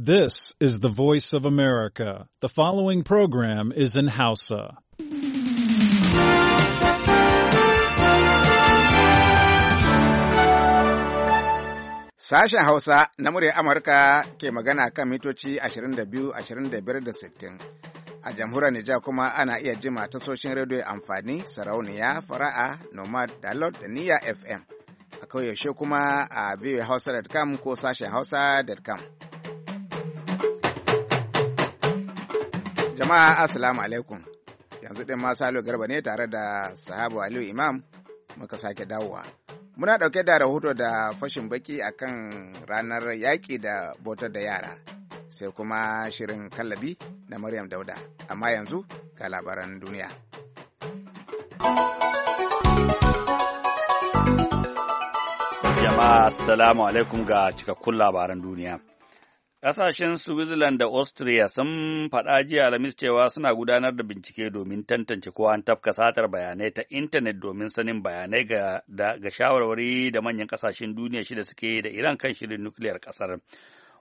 This is the voice of America. The following program is in Hausa. Sashen Hausa na murya Amurka ke magana kan mitoci 22, 25 da 60. A jamhuriyar Nijar kuma ana iya jima ta soshin rediyo amfani, sarauniya, fara'a, nomad, dalot da niyya FM. A yaushe kuma a voahausa.com ko sashen hausa.com. Jama'a Assalamu alaikum. Yanzu ɗin ma Salo Garba ne tare da sahabu Aliyu Imam muka sake dawowa. Muna ɗauke da rahoto da fashin baki akan ranar yaƙi da botar da yara. Sai kuma shirin kallabi na Maryam Dauda. Amma yanzu ga labaran duniya. Jama'a Assalamu alaikum ga cikakkun labaran duniya. Ƙasashen Switzerland da Austria sun faɗa jiya Alhamis cewa suna gudanar da bincike domin tantance ko an tafka satar bayanai ta intanet domin sanin bayanai ga, ga shawarwari da manyan ƙasashen duniya shida suke da Iran kan shirin nukiliyar ƙasar.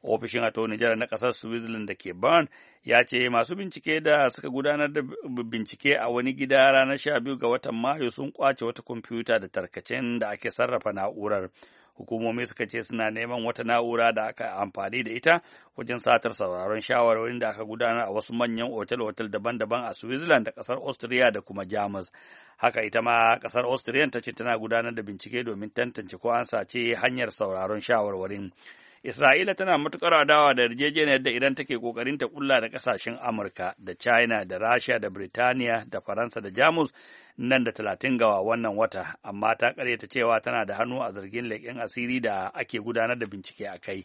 ofishin ato general na kasar switzerland da ke bern ya ce masu bincike da suka gudanar da bincike a wani gida ranar sha biyu ga watan mayu sun kwace wata kwamfuta da tarkacen da ake sarrafa na'urar hukumomi suka ce suna neman wata na'ura da aka amfani da ita wajen satar sauraron shawarwarin da aka gudanar a wasu manyan otal-otal daban-daban a switzerland da kasar austria da kuma jamus haka ita ma kasar austria ta ce tana gudanar da bincike domin tantance ko an sace hanyar sauraron shawarwarin Isra'ila tana matuƙar adawa da yarjejeniyar da idan take ƙoƙarin ta kulla da ƙasashen Amurka da China da Rasha da Birtaniya da Faransa da Jamus nan da talatin gawa wannan wata, amma ta ƙaryata cewa tana da hannu a zargin leƙen asiri da ake gudanar da bincike a kai.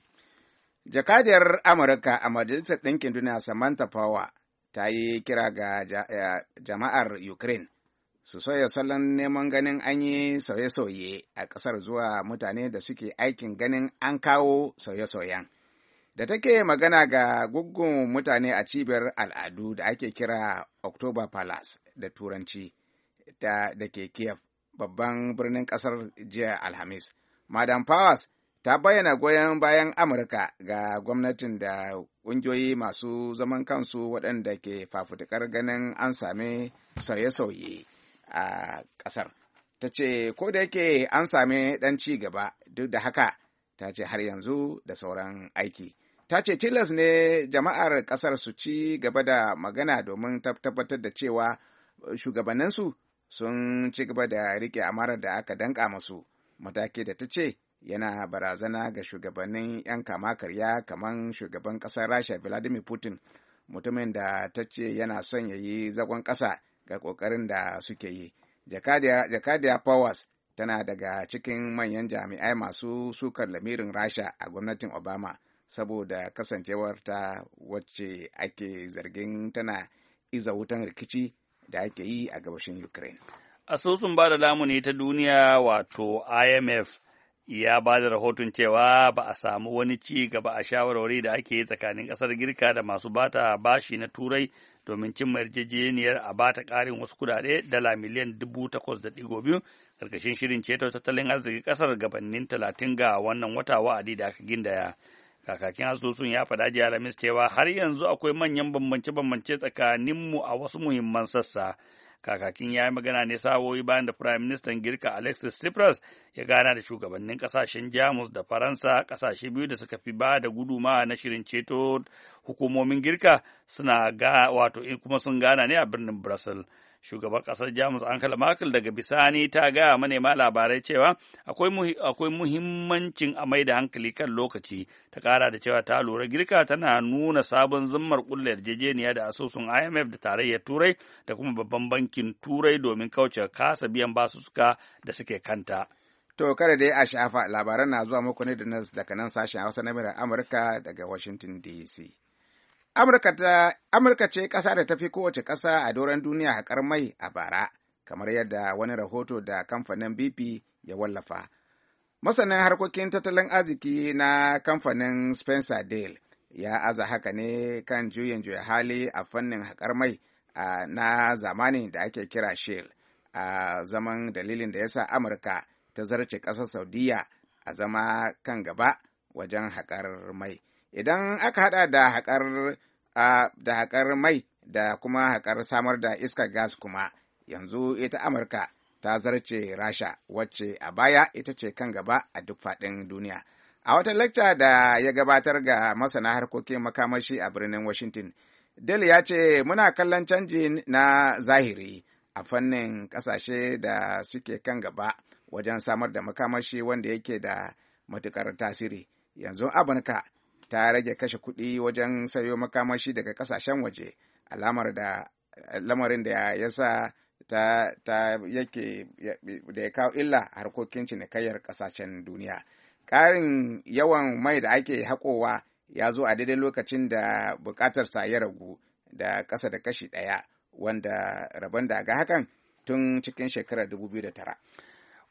Jakadiyar Amurka a Majalisar Ɗinkin Duniya Samantha Power ta yi kira ga eh, jama'ar Ukraine su soya salon neman ganin an yi sauye-sauye a ƙasar zuwa mutane da suke aikin ganin an kawo sauye-sauyen. Da take magana ga guggun mutane a cibiyar al'adu da ake kira October Palace da Turanci da, da ke Kiev, babban birnin ƙasar jiya Alhamis. Madam Powers ta bayyana goyon bayan Amurka ga gwamnatin da ƙungiyoyi masu zaman kansu waɗanda ke fafutukar ganin an sami sauye-sauye. a ƙasar. Ta ce, ko da yake an sami ɗan ci gaba duk da haka, ta ce har yanzu da sauran aiki. Ta ce tilas ne jama'ar ƙasar su ci gaba da magana domin tabbatar da cewa shugabanninsu sun ci gaba da riƙe amarar da aka danka masu mataki da ta ce yana barazana ga shugabannin 'yan kama karya kamar shugaban ƙasar rasha vladimir putin mutumin da ta ce yana son ya yi zagon ƙasa ga ƙoƙarin da suke yi. Jakadiya Powers tana daga cikin manyan jami'ai masu sukar lamirin Rasha a gwamnatin Obama saboda kasancewar ta wacce ake zargin tana iza wutan rikici da ake yi a gabashin Ukraine. Asusun ba da lamuni ta duniya wato IMF ya ba da rahoton cewa ba a samu wani ci gaba a shawarwari da ake yi tsakanin ƙasar Girka da masu bata bashi na Turai domin cimma yarjejeniyar a ba ta ƙarin wasu kudade dala miliyan dubu takwas da ɗigo biyu ƙarƙashin shirin ceto tattalin arziki ƙasar gabanin talatin ga wannan wata wa'adi da aka gindaya kakakin asusun ya faɗa jiya alhamis cewa har yanzu akwai manyan bambance-bambance tsakaninmu a wasu muhimman sassa Kakakin ya yi magana ne sawoyi bayan da Firayim Ministan Girka Alexis Tsipras ya gana da shugabannin kasashen Jamus da Faransa kasashe biyu da suka fi ba da guduma na shirin ceto hukumomin Girka suna ga wato eh, kuma sun gana ne a birnin Brussels. shugaban ƙasar jamus angela merkel daga bisani ta gaya manema labarai cewa akwai muhimmancin a mai da hankali kan lokaci ta kara da cewa ta lura girka tana nuna sabon zummar ƙulla yarjejeniya da asusun imf da tarayyar turai da kuma babban bankin turai domin kauce kasa biyan basussuka da suke kanta To kada dai a shafa labaran na zuwa muku ne da daga nan sashen Hausa na Amurka daga Washington DC. Amurka ce ƙasa da ta fi kowace ƙasa a doron duniya haƙar mai a bara, kamar yadda wani rahoto da kamfanin BP ya wallafa. Masanin harkokin tattalin arziki na kamfanin Spencer Dale ya aza haka ne kan juyin juya hali a fannin haƙar mai na zamani da ake kira Shell a zaman dalilin da ya sa Amurka ta zarce ƙasar Saudiya a zama kan gaba wajen haƙar mai. idan aka haɗa da haƙar da haƙar mai da kuma haƙar samar da iskar gas kuma yanzu ita amurka ta zarce rasha wacce a baya ita ce kan gaba a duk faɗin duniya a wata lacca da ya gabatar ga masana harkokin makamashi a birnin washington dale ya ce muna kallon canji na zahiri a fannin ƙasashe da suke kan gaba wajen samar da makamashi wanda yake da matukar tasiri yanzu amurka ta rage kashe kuɗi wajen sayo makamashi daga ƙasashen waje alamar da lamarin da ya sa ta, yake da ya kawo illa harkokin cinikayyar ƙasashen duniya ƙarin yawan mai da ake haƙowa ya zo a daidai lokacin da buƙatar sa ya ragu da ƙasa da kashi ɗaya wanda rabon da ga hakan tun cikin shekarar 2009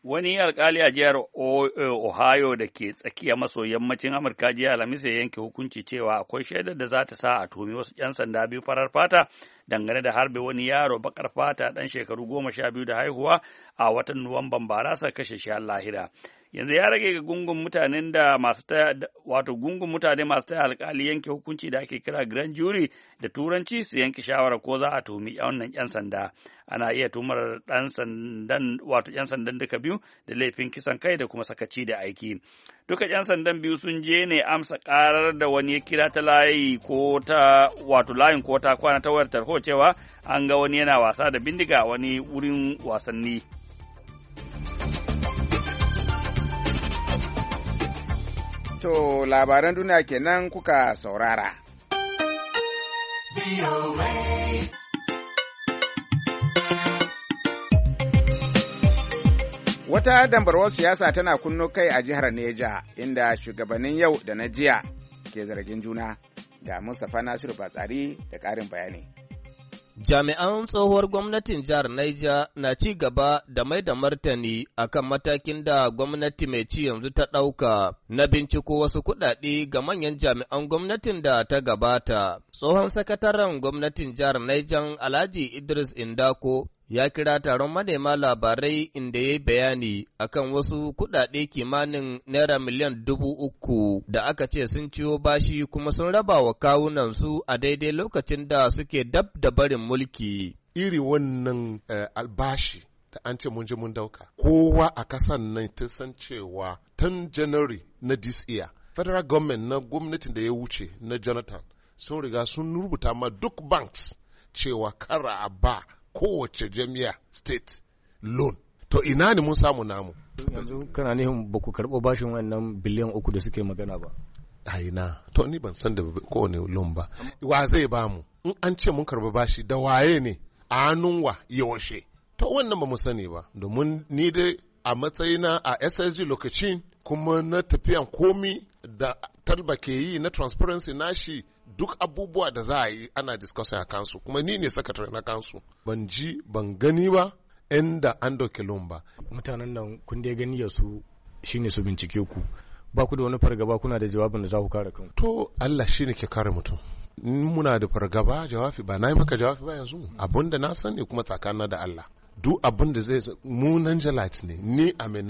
Wani alkali a jihar eh, Ohio da ke tsakiya maso yammacin Amurka jiya Alhamis ya yanke hukunci cewa akwai shaidar da za ta sa a tumi wasu 'yan sanda biyu farar fata dangane da harbe wani yaro bakar fata dan shekaru goma sha biyu da haihuwa a watan Nuwamban barasa kashe shi lahira. yanzu ya rage ga gungun mutanen da masu ta wato gungun mutane masu taya alkali yanke hukunci da ake kira grand jury da turanci su yanke shawara ko za a tumi wannan yan sanda ana iya tumar dan sandan wato yan sandan duka biyu da laifin kisan kai da kuma sakaci da aiki duka yan sandan biyu sun je ne amsa karar da wani ya kira ta layi ko ta wato layin ko ta kwana ta wayar tarho cewa an ga wani yana wasa da bindiga wani wurin wasanni To labaran duniya kenan kuka saurara. Wata dambarwar siyasa tana kunno kai a jihar Neja, inda shugabannin yau da na jiya ke zargin juna. Ga Mustapha Nasiru Batsari da ƙarin bayani. Jami'an tsohuwar gwamnatin jihar Niger na ci gaba da mai da martani a kan matakin da gwamnati mai ci yanzu ta ɗauka na binciko wasu kuɗaɗe ga manyan jami'an gwamnatin da ta gabata. Tsohon sakataren gwamnatin jihar Niger Alhaji Idris Indako ya kira taron manema labarai inda ya yi bayani akan wasu kuɗaɗe kimanin naira miliyan dubu uku da aka ce sun ciwo bashi kuma sun raba wa kawunansu a daidai lokacin da suke dab da barin mulki. Iri wannan eh, albashi da an ce mun je mun dauka. Kowa a kasan nan ta san cewa tun January na this year, federal government na gwamnatin da ya wuce na Jonathan sun riga sun rubuta ma duk banks cewa kara a ba kowace jami'a state loan to ina ne mun samu namu yanzu kana nihin ba ku karɓo bashin wannan biliyan uku da suke magana ba a ina to ni ban san da kowane loan ba wa zai ba mu in an ce mun karɓi bashi da waye ne a hannun wa yaushe to wannan ba mu sani ba domin ni dai a matsayina a ssg lokacin kuma na tafiyan komi da talba ke yi na transparency nashi duk abubuwa da za a yi ana discussing a kansu kuma ni ne sakatare na kansu ban ji ban gani ba inda an dauke loan ba mutanen nan kun dai gani ya su shine su bincike ku ba ku da wani fargaba kuna da jawabin da za ku kare kanku to Allah shine ke kare mutum muna da fargaba jawabi ba na maka jawabi ba yanzu Abunda na sani kuma tsakanin da Allah duk abunda zai mu Niger ne ni a mai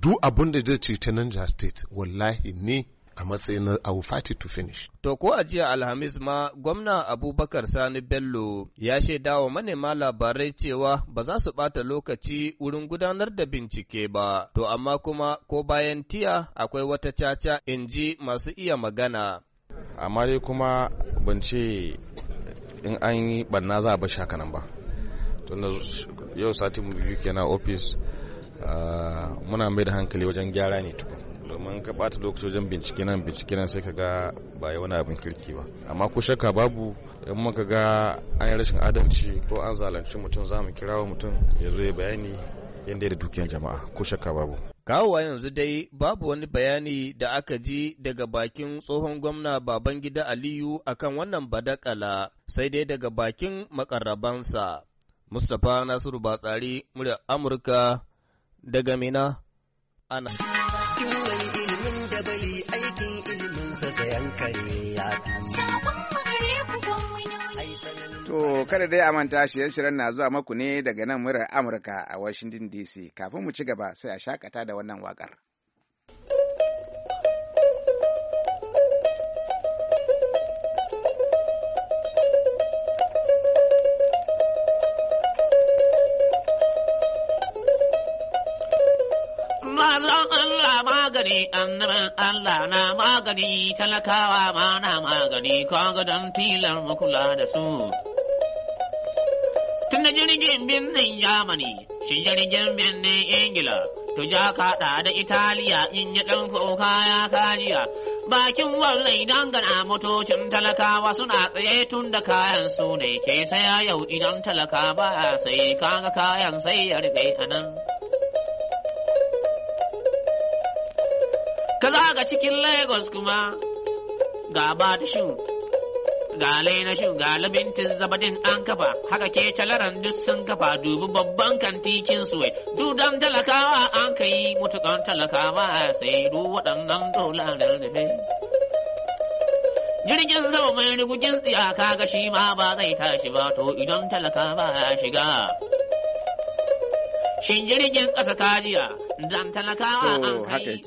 duk abunda da zai ta nan state wallahi ni a matsayin our fati to finish. To ko a jiya Alhamis ma gwamna Abubakar Sani Bello ya shaida wa manema labarai cewa ba za su bata lokaci wurin gudanar da bincike ba, to amma kuma ko bayan tiya akwai wata caca in ji masu iya magana. Amma dai kuma ban ce in an yi barna za a bashi ba. Tunda yau sati mu biyu kenan ofis ah, muna mai da hankali wajen gyara ne tukun. domin ka bata lokaci wajen bincike nan bincike nan sai ka ga ba yi wani abin kirki ba amma ko shakka babu in muka ga an yi rashin adalci ko an zalunci mutum za mu kirawo mutum ya zo ya bayani yadda da dukiyar jama'a ko shakka babu kawowa yanzu dai babu wani bayani da aka ji daga bakin tsohon gwamna babangida aliyu akan wannan badakala sai dai daga bakin makarrabansa mustapha nasiru batsari murya amurka daga mina ana kada dai a manta shirye shirin na zuwa maku ne daga nan murar Amurka a Washington DC. Kafin mu ci gaba sai a shakata da wannan wakar Mazan Allah magani, annaban Allah na magani, talakawa ma na magani, kwa don tilar makula da su. da jirgin birnin Germany, shi jirgin birnin Ingila, to ja kaɗa da Italiya in yi ɗan kuka ya kajiya. Bakin wallai gana motocin talakawa suna tsaye tun da kayan su ne ke saya yau idan talaka ba sai kaga kayan sai ya rufe a nan. Ka zaga cikin Lagos kuma ga ba ga na shin ga labintin zabadin an kafa haka ke calaran duk sun kafa Dubu, babban kantikin suwe dudan talakawa an kai yi mutukan talakawa sai du waɗannan dolarar da jirgin sama mai rigugin tsiyaka ga shi ma ba zai tashi ba to idan talakawa ya shiga shin jirgin ƙasa kajiya dan talakawa an kai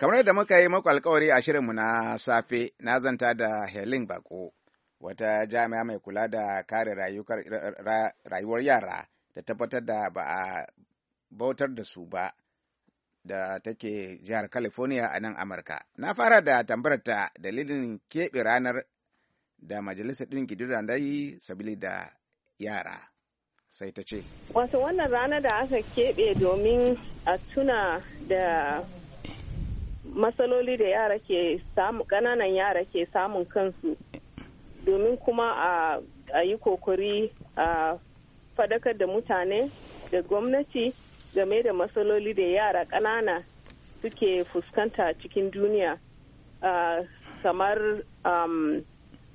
kamar da muka yi maku alkawari a shirinmu na safe na zanta da Helen Bako wata jami'a mai kula da kare rayuwar yara da tabbatar da ba a bautar da su ba da take jihar california a nan amurka na fara da tambayarta ta dalilin keɓe ranar da majalisar ɗin ɗinki da yi sabili da yara sai ta ce wato wannan rana da aka keɓe domin a tuna da matsaloli da yara ke samu ƙananan yara ke samun kansu domin kuma a yi kokari a fadakar da mutane da gwamnati game da matsaloli da yara ƙanana suke fuskanta cikin duniya kamar um,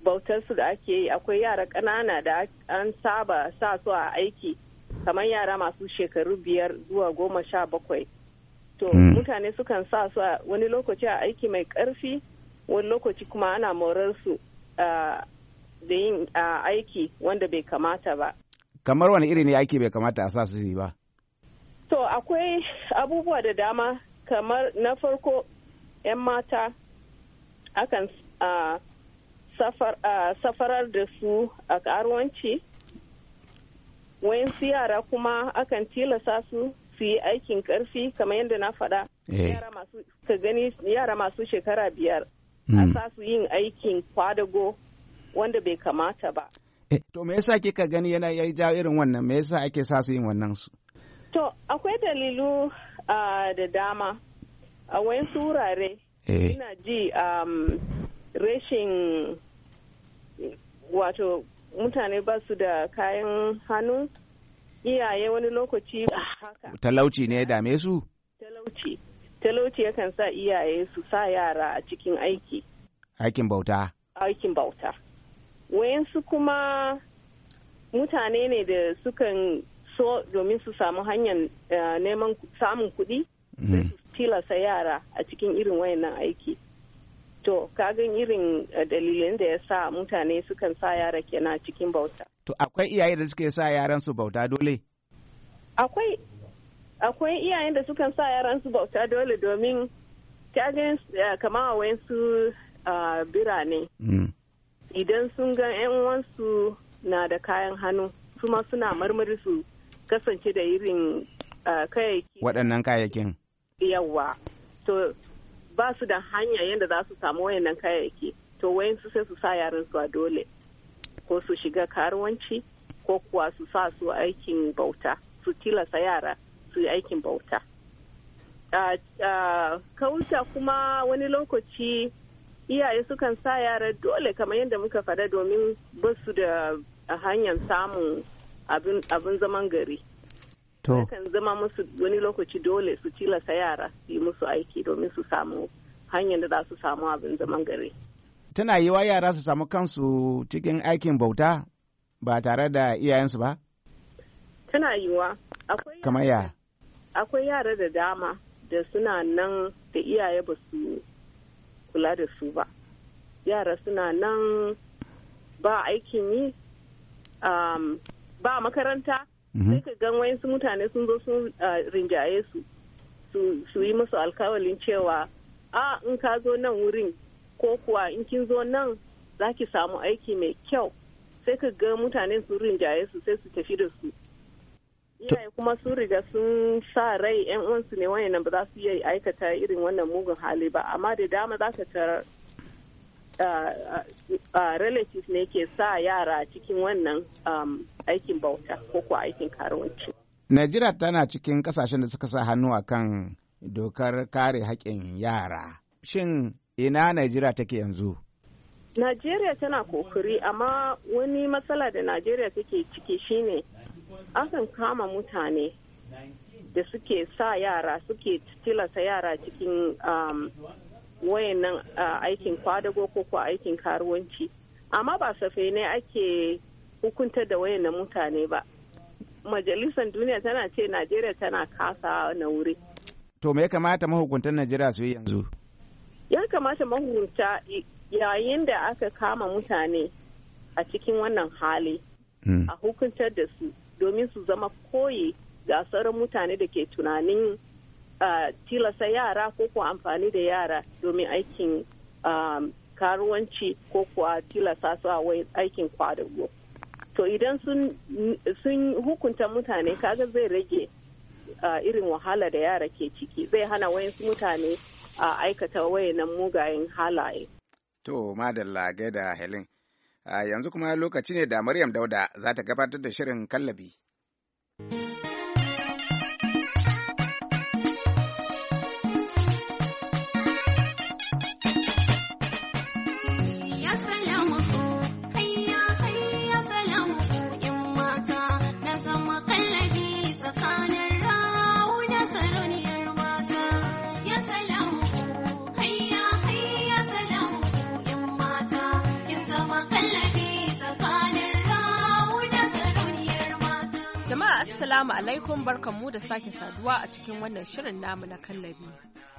bautarsu da ake yi akwai yara ƙanana da an saba sa su a aiki kamar yara masu shekaru biyar zuwa goma sha bakwai to hmm. mutane sukan sa su wani lokaci a aiki mai ƙarfi wani lokaci kuma ana morarsu su da yin aiki wanda bai kamata ba. Kamar wani iri ne aiki bai kamata a sa su yi ba? To akwai abubuwa da dama kamar na farko 'yan mata akan safarar da su a karuwanci. wayansu yara kuma akan tilasa su su yi aikin karfi kamar yadda na faɗa. Eh. Yara masu shekara biyar. Hmm. A sa su yin aikin kwadago wanda bai kamata ba. Eh, to me yasa kika gani yana ya jawo irin wannan me yasa ake sa su yin wannan su? To akwai dalilu da dama a wayan surare eh. ina ji um, rashin wato mutane ba su da kayan hannu iyaye wani lokaci haka. Talauci ne ya dame su? Talauci. Talauci yakan sa iyaye su sa yara a cikin aiki. Aikin bauta. Aikin bauta. wayansu kuma mutane ne da sukan so domin su samu hanyar eh, neman samun kuɗi mhm. su tilasa yara a cikin irin wayannan aiki to kagan irin eh, dalilin da ya sa mutane sukan sa yara kenan cikin bauta to akwai iyaye da suke sa yaran su bauta dole akwai akwai iyayen da sukan sa yaran su bauta dole domin kagan eh, kamar a wayansu ah, birane mm. idan sun ga 'yan uwansu na da kayan hannu kuma suna marmari su kasance da irin kayayyaki waɗannan kayayyakin yawa to ba su da hanya yadda za su samu wayannan kayayyaki to wayansu sai su sa yaran su a dole ko su shiga karuwanci ko kuwa su sa su aikin bauta su tilasta yara su yi aikin bauta kauta kuma wani lokaci iyaye sukan sa yara dole kamar yadda muka fada domin basu da hanyar samun abin zaman gari to zama musu wani lokaci dole su tilasta yara su yi musu aiki domin su samu hanyar da za su samu abin zaman gari tana yi wa yara su samu kansu cikin aikin bauta ba tare da iyayensu ba tana yiwa akwai kamar ya akwai yara da dama da suna nan da iyaye ba su kula da su ba yara suna nan ba aikin yi um, ba makaranta mhm. sai ka gan wayansu mutane sun zo sun uh, rinjaye su su yi musu alkawalin cewa a in ka zo nan wurin ko kuwa in kin zo nan za ki samu aiki mai kyau sai ka ga mutane sun rinjaye su sai su tafi da su iyaye kuma sun riga sun sa rai yan uwansu ne nan ba za su iya aikata irin wannan mugun hali ba amma da dama za ka tarar relatives ne ke sa yara cikin wannan um, aikin bauta ko kuwa aikin karuwanci. Najeriya tana cikin kasashen da suka sa hannu a kan dokar kare haƙƙin yara. Shin ina Najeriya take yanzu? Najeriya tana kokari amma wani matsala da Najeriya take ciki shine akan kama mutane da suke sa yara suke tilasta yara cikin um, wayannan uh, aikin kwadago ko kuwa aikin karuwanci amma ba safe ne ake hukuntar da wayannan mutane ba majalisar duniya tana ce najeriya tana kasa na wuri to me ya kamata mahukuntan najeriya su yi yanzu ya kamata mahukunta yayin da aka kama mutane a cikin wannan hali hmm. a hukuntar da su domin su zama koyi ga sauran mutane da ke tunanin tilasa yara ko kuwa amfani da yara domin aikin karuwanci ko kuwa tilasa su a aikin kwadago. To idan sun hukunta mutane kaga zai rage irin wahala da yara ke ciki zai hana wayansu mutane a aikata wayanan mugayen halaye. To madalla gaida Helen. yanzu kuma lokaci ne da Maryam Dauda za ta gabatar da shirin kallabi. Assalamu alaikum barkanmu da sake saduwa a cikin wannan shirin namu na kallabi.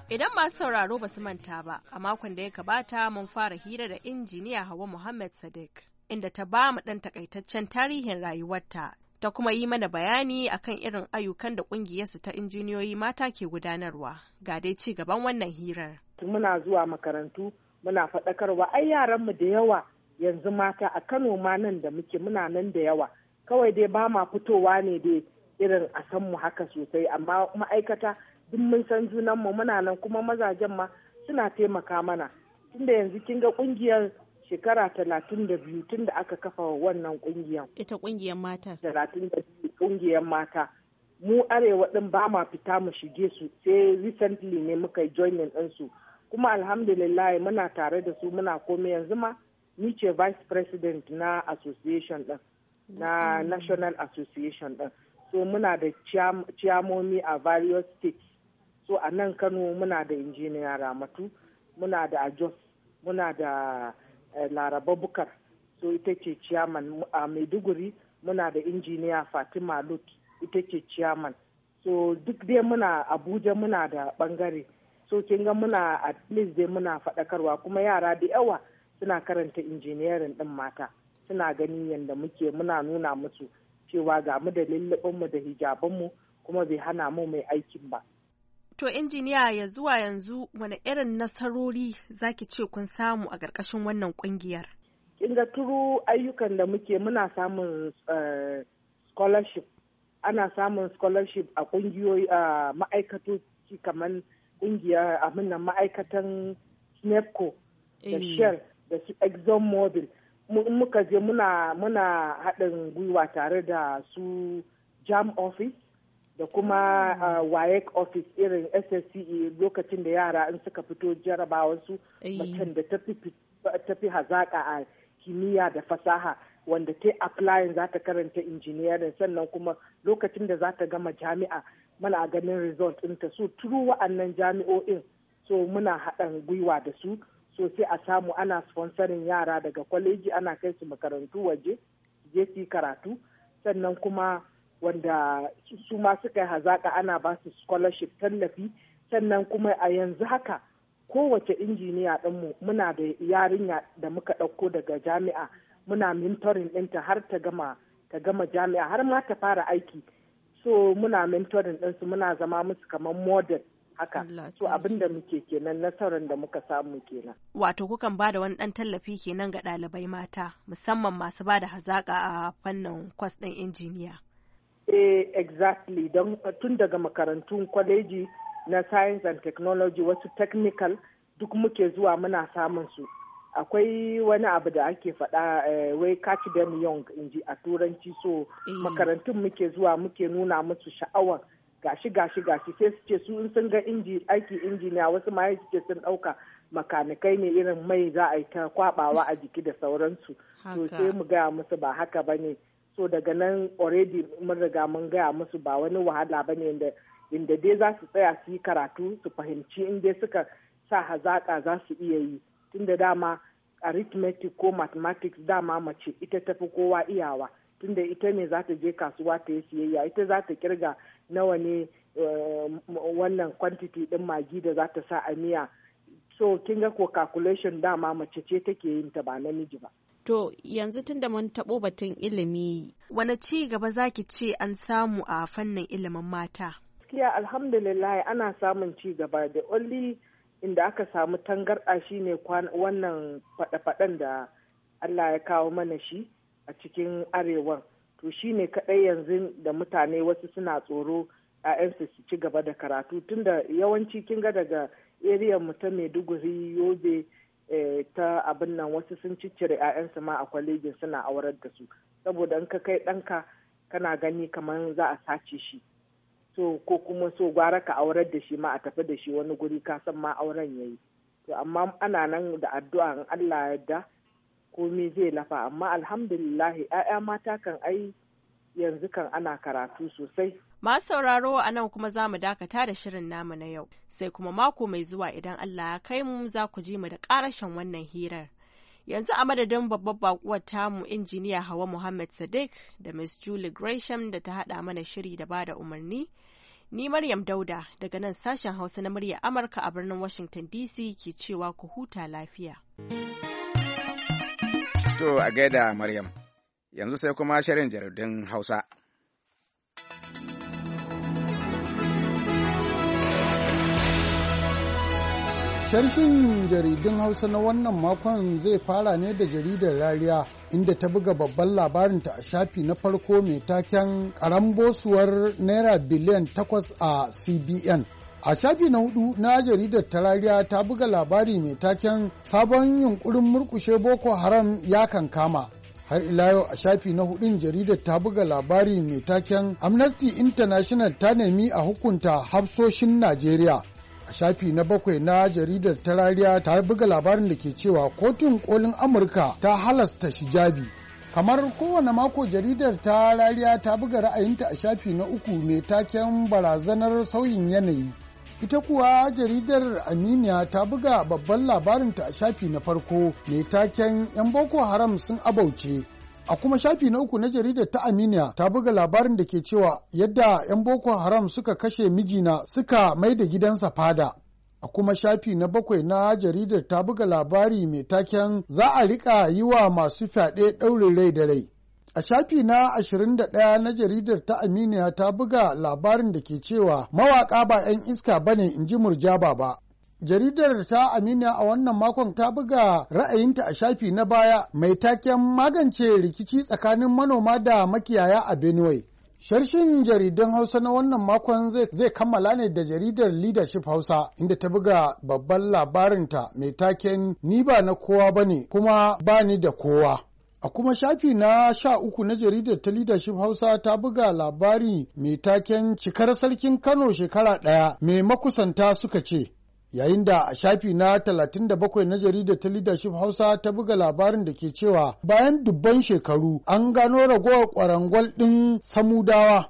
Idan masu sauraro ba su manta ba, a makon da ya gabata mun fara hira da injiniya Hawa Muhammad Sadiq, inda ta ba mu ɗan takaitaccen tarihin rayuwarta, ta kuma yi mana bayani akan irin ayyukan da ƙungiyarsu ta injiniyoyi mata ke gudanarwa. Ga dai ci gaban wannan hirar. Muna zuwa makarantu, muna faɗakarwa, ai yaranmu da yawa yanzu mata a Kano ma nan da muke muna nan da yawa. kawai dai ba ma fitowa ne dai irin a san mu haka sosai amma ma'aikata duk mun san junan mu muna nan kuma mazajen ma suna taimaka mana tunda yanzu kin ga kungiyar shekara talatin da biyu tun da aka kafa wannan kungiyar ita kungiyar mata talatin da biyu kungiyar mata mu arewa din ba ma fita mu shige su sai recently ne muka joinin su kuma alhamdulillah muna tare da su muna komai yanzu ma ni ce vice president na association din na mm. national association din so muna da ciyamomi a various states so a nan kano muna da injiniya ramatu muna da ajos muna da eh, laraba bukar so ita ce ciyaman a maiduguri muna da injiniya fatima lut ita ce ciyaman so duk dai muna abuja muna da bangare so kin ga muna at least dai muna faɗakarwa kuma yara da yawa suna karanta injiniyarin din mata suna gani yadda muke muna nuna musu cewa ga mu da lullubinmu da hijabanmu kuma bai hana mu mai aikin ba. To injiniya ya zuwa yanzu wani irin nasarori zaki ce kun samu a ƙarƙashin wannan ƙungiyar? Kinga turu ayyukan da muke muna samun eh, scholarship. Ana samun scholarship a ƙungiyoyi a ma'aikatoci kamar ƙungiyar a ma'aikatan Snapco da eh. Shell da su Mobil. in muka je muna muna haɗin gwiwa tare da su jam office da kuma wayek ah. ah, WAEC office irin SSCE lokacin da yara in suka fito jarabawansu macen da ta fi hazaƙa a kimiyya da fasaha wanda ta applying za ta karanta engineering sannan kuma lokacin da za ta gama jami'a muna ganin result ɗinta su turu wa'annan jami'o'in so muna haɗin gwiwa da su so sai a samu ana sponsorin yara daga kwaleji ana kai su makarantu waje je su yi karatu sannan kuma wanda su ma suka yi hazaka ana ba su scholarship tallafi sannan kuma a yanzu haka kowace injiniya ɗinmu muna da yarinya da muka ɗauko daga jami'a muna mentoring ɗinta har ta gama ta gama jami'a har ma ta fara aiki so muna mentoring ɗinsu muna zama musu kamar model haka to abin da muke kenan nasarar da muka samu kenan wato kukan ba da wani ɗan tallafi kenan ga ɗalibai mata musamman masu ba da hazaƙa a fannin kwas ɗin injiniya eh exactly don eh, tun daga makarantun kwaleji na science and technology wasu technical duk muke zuwa muna samun su akwai wani abu da ake faɗa eh, wai catch them young in ji a turanci so eh. makarantun muke zuwa muke nuna musu sha'awar gashi gashi gashi sai su ce su sun ga inji aiki injiniya wasu ma yake sun ɗauka makanikai ne irin mai za a yi ta kwabawa a jiki da sauransu to sai mu gaya musu ba haka ba so daga nan already mun riga mun gaya musu ba wani wahala bane ne inda dai za su tsaya su yi karatu su fahimci in dai suka sa hazaƙa za su iya yi tunda dama arithmetic ko mathematics dama mace ita tafi kowa iyawa tunda ita ne za ta je kasuwa ta yi siyayya ita za ta kirga nawa ne eh, wannan kwantiti din magi da za ta sa a miya so kin ga ko calculation dama mace ce take yin ta ba namiji ba To yanzu tunda mun taɓo batun ilimi, wane ci gaba zaki ce an samu a fannin ilimin mata? Gaskiya alhamdulillah ana samun ci gaba da only inda aka samu tangarɗa shine wannan fada faɗen da Allah ya kawo mana shi a cikin arewa. to shi ne kaɗai yanzu da mutane wasu suna tsoro ‘ya'yansu su ci gaba da karatu tunda yawanci kin ga daga area mu ta maiduguri yobe eh, ta abin nan wasu sun ciccire ‘ya'yansu ma a kwalejin suna aurar da su saboda in ka kai ɗanka kana gani kamar za a sace shi so ko kuma so gwara ka aurar da shi ma a tafi da shi wani guri ka san ma auren yayi to amma ana nan da addu'a in Allah ya yarda komai zai lafa amma alhamdulillahi 'ya'ya mata kan ai yanzu kan ana karatu sosai masu sauraro a nan kuma za mu dakata da shirin namu na yau sai kuma mako mai zuwa idan allah ya kai mu za ku ji mu da karashen wannan hirar yanzu a madadin babbar bakuwar tamu injiniya hawa muhammad sadiq da miss julie gresham da ta hada mana shiri da bada umarni ni maryam dauda daga nan sashen hausa na murya amurka a birnin washington dc ke cewa ku huta lafiya. To a gaida Maryam, yanzu sai kuma shirin jaridun Hausa. Sharshin jaridun Hausa na wannan makon zai fara ne da jaridar rariya inda ta buga babban labarinta a shafi na farko mai taken karambosuwar naira biliyan takwas a CBN. A shafi na hudu na jaridar Tarariya ta buga labari mai taken sabon yunkurin murkushe Boko Haram ya kankama. Har ila yau a shafi na hudun jaridar ta buga labari mai taken Amnesty International ta nemi a hukunta hafsoshin Najeriya. a shafi na bakwai na jaridar tarariya ta buga labarin da ke cewa kotun kolin amurka ta halasta shijabi kamar kowane mako jaridar ta rariya ta buga ra'ayinta a shafi na uku mai taken barazanar sauyin yanayi ita kuwa jaridar aminiya ta buga babban labarinta a shafi na farko mai taken 'yan boko haram sun abauce a kuma shafi na uku na jaridar ta aminiya ta buga labarin da ke cewa yadda 'yan boko haram suka kashe mijina suka mai da gidansa fada a kuma shafi na bakwai na jaridar ta buga labari mai taken za a rika yi wa masu fyaɗe ɗaurin rai da rai A shafi na 21 na jaridar ta Aminiya ta buga labarin da ke cewa mawaka ba 'yan iska ba ne in ji murjaba ba. jaridar ta aminiya a wannan makon ta buga ra'ayinta a shafi na baya mai taken magance rikici tsakanin manoma da makiyaya a benue sharshin jaridan hausa na wannan makon zai kammala ne da jaridar leadership hausa inda ta buga babban labarinta mai taken ni ba na kowa bane kuma ba ni da kowa A kuma shafi na sha uku na jaridar ta leadership Hausa ta buga labari mai taken cikar sarkin Kano shekara ɗaya mai makusanta suka ce. Yayin da a shafi na 37 na jaridar ta leadership Hausa ta buga labarin da ke cewa bayan dubban shekaru an gano ragowar kwarangwal ɗin samudawa.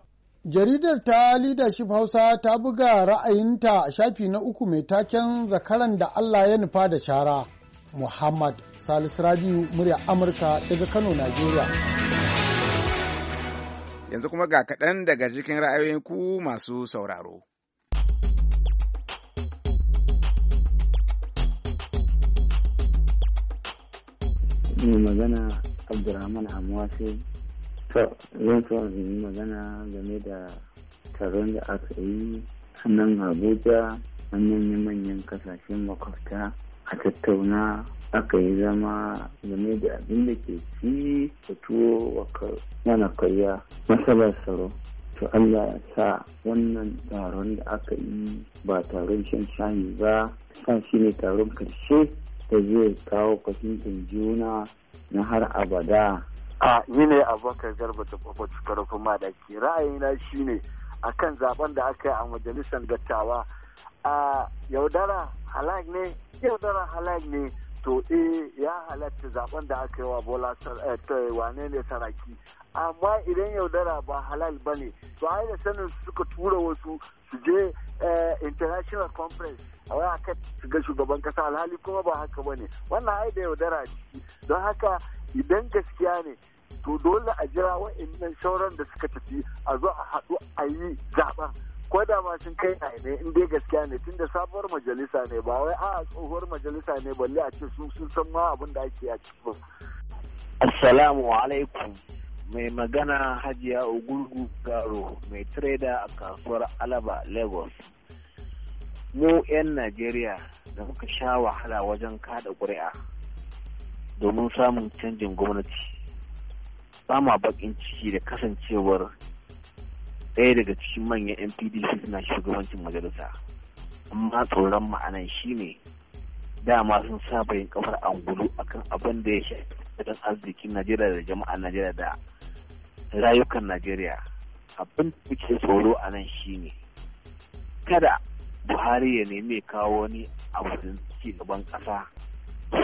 Jaridar ta leadership Hausa ta buga ra'ayinta a shafi na uku mai taken zakaran da Allah ya nufa da shara. Muhammad Salisu Rabiu murya Amurka daga Kano, Najeriya. Yanzu kuma ga kaɗan daga cikin ra'ayoyin ku masu sauraro. Mai magana Abdurrahman Amuwase To, zan so yi magana game da taron da aka yi nan Abuja a manyan kasashen makwabta a tattauna aka yi zama game da abin da ke ci da tuwo wa mana karya matsalar tsaro to Allah ya sa wannan taron da aka yi ba taron shan shani ba kan shi ne taron karshe da zai kawo fahimtar juna na har abada a ni ne abokan garba da kwakwaci karfin madaki ra'ayina shine kan zaben da aka yi a majalisar dattawa a yaudara halak ne yaudara halal ne to eh ya halatta zaben da aka yi wa bola eh, wane ne saraki amma idan yaudara ba halal ba ne to ai da sanin suka tura wasu su je eh, international conference a waya aka shiga shugaban kasa alhali kuma ba haka ba ne wannan ai da yaudara ciki don haka idan gaskiya ne to dole a jira nan sauran da suka tafi a zo a haɗu a yi zaben ko da ma sun kai ne in dai gaskiya ne tunda sabuwar majalisa ne ba wai a tsohuwar majalisa ne balle a ce sun sun san ma abin da ake a cikin assalamu alaikum mai magana hajiya ogurgu garo mai trader a kasuwar alaba lagos mu 'yan najeriya da muka sha wahala wajen kada ƙuri'a domin samun canjin gwamnati ba ma bakin ciki da kasancewar ɗaya daga cikin manyan NPDC suna shugabancin majalisa amma tsoron ma'anan shine. dama sun saba yin kafar angulu akan abin da ya shafi da arzikin Najeriya da jama'a Najeriya da rayukan Najeriya abin da kuke tsoro a nan shi kada Buhari ya nemi kawo wani abu da ci gaban ƙasa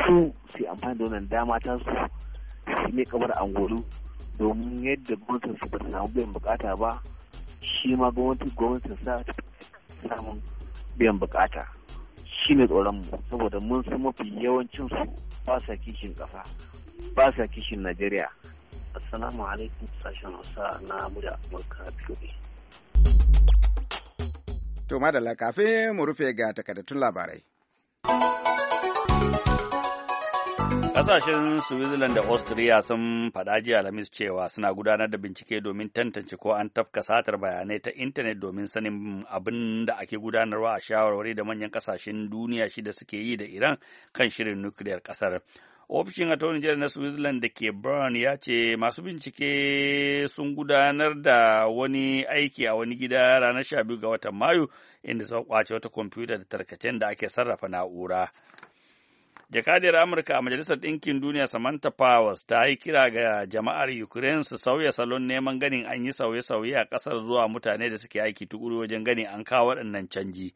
su su amfani da wannan dama ta su su ne kafar angulu domin yadda gwamnatin su ba ta samu biyan bukata ba shi ma gwamnati gwamnati sa samun biyan bukata shi ne tsoron mu saboda mun san mafi yawancin su ba sa kishin kafa ba sa kishin najeriya assalamu alaikum sashen wasa na muda amurka biyu to madalla kafin mu rufe ga takardattun labarai kasashen Switzerland da Austria sun faɗa jiya Alhamis cewa suna gudanar da bincike domin tantance ko an tafka satar bayanai ta intanet domin sanin abin da ake gudanarwa a shawarwari da manyan ƙasashen duniya shida suke yi da Iran kan shirin nukiliyar ƙasar. Ofishin Attorney General na Switzerland da ke Bern ya ce masu bincike sun gudanar da wani aiki a wani gida ranar 12 ga watan Mayu inda suka kwace wata kwamfuta da tarkacen da ake sarrafa na'ura. jakadiyar amurka a majalisar ɗinkin duniya samantha powers ta yi kira ga jama'ar ukraine su sauya salon neman ganin an yi sauye-sauye a ƙasar zuwa mutane da suke aiki tukuru wajen ganin an kawo waɗannan canji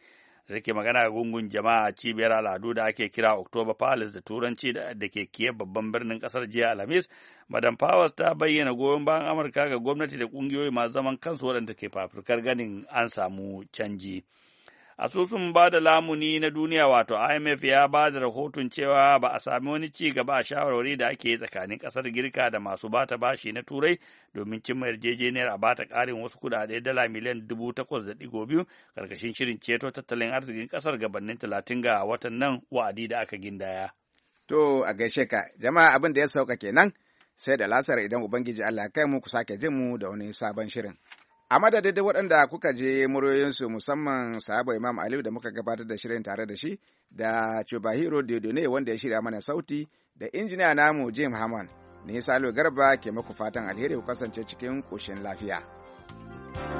da magana ga gungun jama'a a cibiyar al'adu da ake kira October Palace da Turanci da ke kiyar babban birnin ƙasar jiya Alhamis, Madam Powers ta bayyana goyon bayan Amurka ga gwamnati da ƙungiyoyi masu zaman kansu waɗanda ke fafirkar ganin an samu canji. Asusun ba da lamuni na duniya wato IMF ya ba da rahoton cewa ba a sami wani ci gaba a shawarwari da ake yi tsakanin kasar Girka da masu bata bashi na Turai domin cimma yarjejeniyar a bata karin wasu kuɗaɗe dala miliyan dubu takwas da digo biyu karkashin shirin ceto tattalin arzikin ƙasar gabanin talatin ga watan nan wa'adi da aka gindaya. To a gaishe ka jama'a abin da ya sauka kenan sai da lasar idan Ubangiji Allah kai mu ku sake jin mu da wani sabon shirin. A madadin da waɗanda kuka je muryoyinsu musamman sahaba Imam Aliyu da muka gabatar da shirin tare da shi da Chubahiro Diodone wanda ya shirya mana sauti da injiniya namu Jim Haman. ne Salo Garba ke maku fatan alheri ku kasance cikin ƙoshin lafiya. thank you